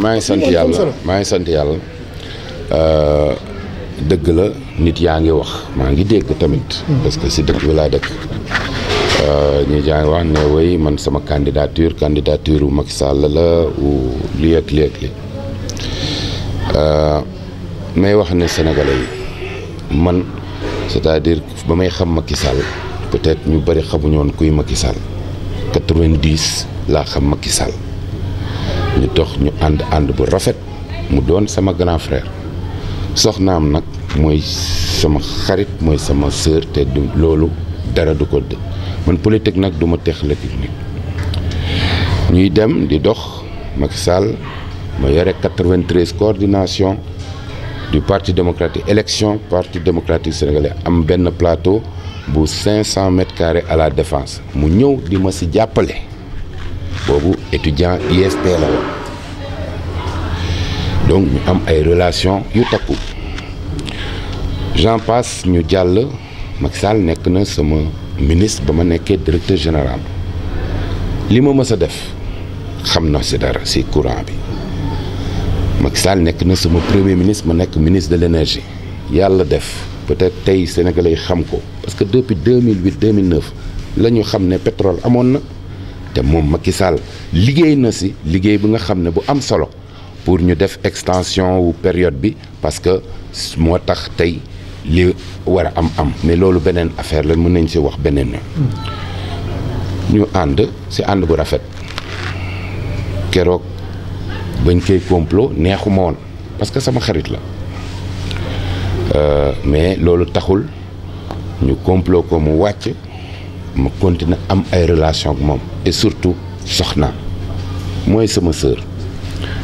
maa ngi sant yàlla maa ngi sant yàlla dëgg la nit yaa ngi wax maa ngi dégg tamit. parce que si dëkk bi laa dëkk. Euh, ñu jaa ngi wax ne way man sama candidature candidature u Macky Sall la u lii ak lii ak lii euh, may ne sénégalais man c'est-à-dire may xam Macky Sall peut-être ñu bëri xamuñoon kuy Macky Sall quatre-vingt-dix laa xam Macky Sall ñu dox ñu ànd ànd bu rafet mu doon sama grand frère soxnaam nag mooy sama xarit mooy sama sœur te du loolu dara du ko dë man politique nag du ma texale nit ñuy dem di dox Macky Sall ma yore 93 coordination du parti démocratique élection parti démocratique sénégalais am benn plateau bu 500 mètres carrés à la défense mu ñëw di ma si jàppale. boobu étudiant ISP la donc ñu am ay relation yu takku j'en passe ñu jàll Macky Sall nekk na sama ministre ba ma nekkee directeur général li ma mës a def xam na si dara si courant bi Macky Sall nekk na sama premier ministre ma nekk ministre de l'énergie yàlla def peut-être tey sénégalais yi xam ko parce que depuis 2008 2009 la ñu xam ne pétrole amoon na te moom Macky Sall liggéey na si liggéey bi nga xam ne bu am solo pour ñu def extension wu période bi parce que moo tax tey li war a am am mais loolu beneen affaire la mën nañ si wax beneen ñu ànd si ànd bu rafet keroog bañ koy complot neexuma woon parce que sama xarit la euh, mais loolu taxul ñu complot ko mu wàcc ma continuer am ay relation ak moom et surtout soxna mooy sama sœur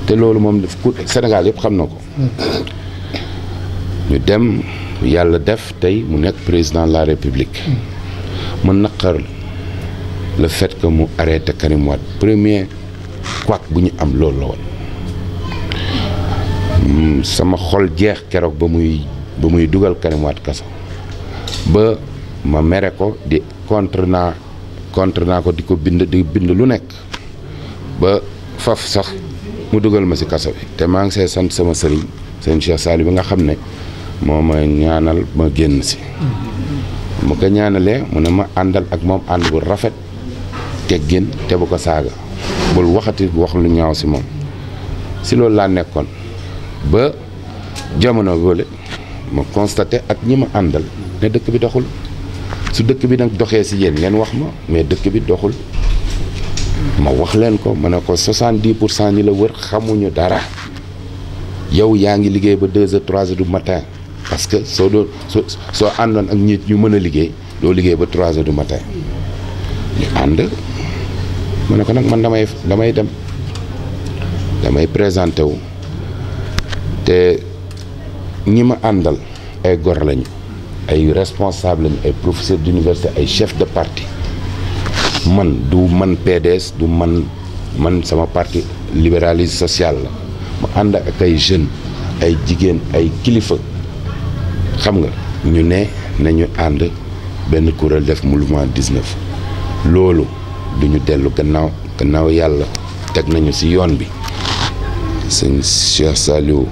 te loolu moom ku Sénégal yëpp xam na ko ñu dem yàlla def tey mu nekk président la république ma naqar le fait que mu arrêté Karim Wade premier quoi bu ñu am loolu la woon sama xol jeex keroog ba muy ba muy dugal Karim Wade kaso ba ma mere ko di contre naa contre naa ko di ko bind di bind lu nekk ba faf sax mu dugal ma si kaso bi te maa ngi see sant sama sëriñ sëriñ Cheikh Saliou bi nga xam ne moo ma ñaanal ma génn si mu ko ñaanalee mu ne ma àndal ak moom ànd bu rafet teggin te bu ko saaga bul waxati wax lu ñaaw si moom si loolu laa nekkoon ba jamono boole ma constaté ak ñi ma àndal ne dëkk bi doxul su dëkk bi nag doxee si yéen ngeen wax ma mais dëkk bi doxul ma wax leen ko mën ne ko 70 pour cent ñi la wër xamuñu dara yow yaa ngi liggéey ba 2 heures 3 heures matin parce que soo doon soo soo àndoon ak nit ñu mën a liggéey loo liggéey ba 3 heures du matin ñu ànd ma ne ko nag man damay damay dem damay présenté wu te ñi ma àndal ay gor lañu. ay responsable lañ ay professeur d'université ay chef de parti man du man PDS du man man sama parti libéralisme social la mu ànd ak ay jeunes ay jigéen ay kilifa xam nga ñu ne nañu ànd benn kuréel def mouvement 19 loolu duñu dellu gannaaw gannaaw yàlla teg nañu ci yoon bi sëñ Cheikh Saliou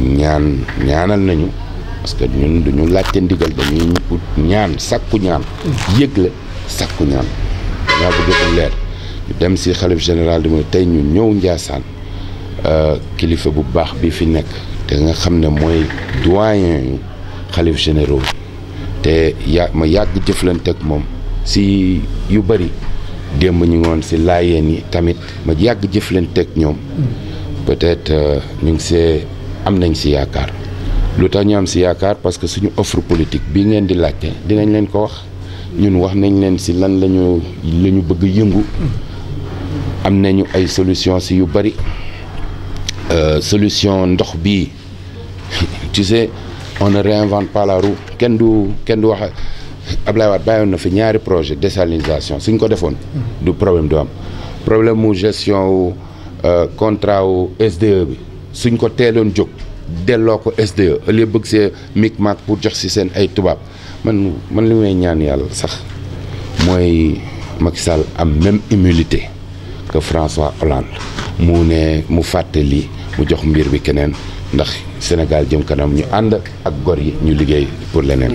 ñaan ñaanal nañu parce que ñun duñu laajte ndigal dañuy ut ñaan sàkku ñaan yëgle sàkku ñaan dañaa bëgg mu leer dem si xalif général di mu tey ñu ñëw Njaasaan euh, kilifa bu baax bi fi nekk te nga xam ne mooy doyen yu xalif généraux te ya ma yàgg jëflante ak moom si yu bëri démb ñu ngoon si laayeen yi tamit ma yàgg jëflante ak ñoom mm. peut-être euh, ñu ngi see am nañ si yaakaar lu tax ñu am si yaakaar parce que suñu offre politique bi ngeen di laajte dinañ leen ko wax ñun wax nañ leen si lan lañu la bëgg yëngu am nañu ay solution si yu bëri euh, solution ndox bi tu sais on ne réinvente pas kenn du kenn du wax Ablaye Wade bàyyoon na fi ñaari projet désalinisation suñ ko defoon du problème du am problème mu gestion wu euh, contrat wu SDE bi suñ ko teeloon jóg delloo ko SDE au lieu bëgg see micmac pour jox si seen ay tubaab man man li ñaan yàlla sax mooy Macky Sall am même humilité que François Hollande mu ne mu fàtte lii mu jox mbir bi keneen ndax Sénégal jëm kanam ñu ànd ak gor yi ñu liggéey pour leneen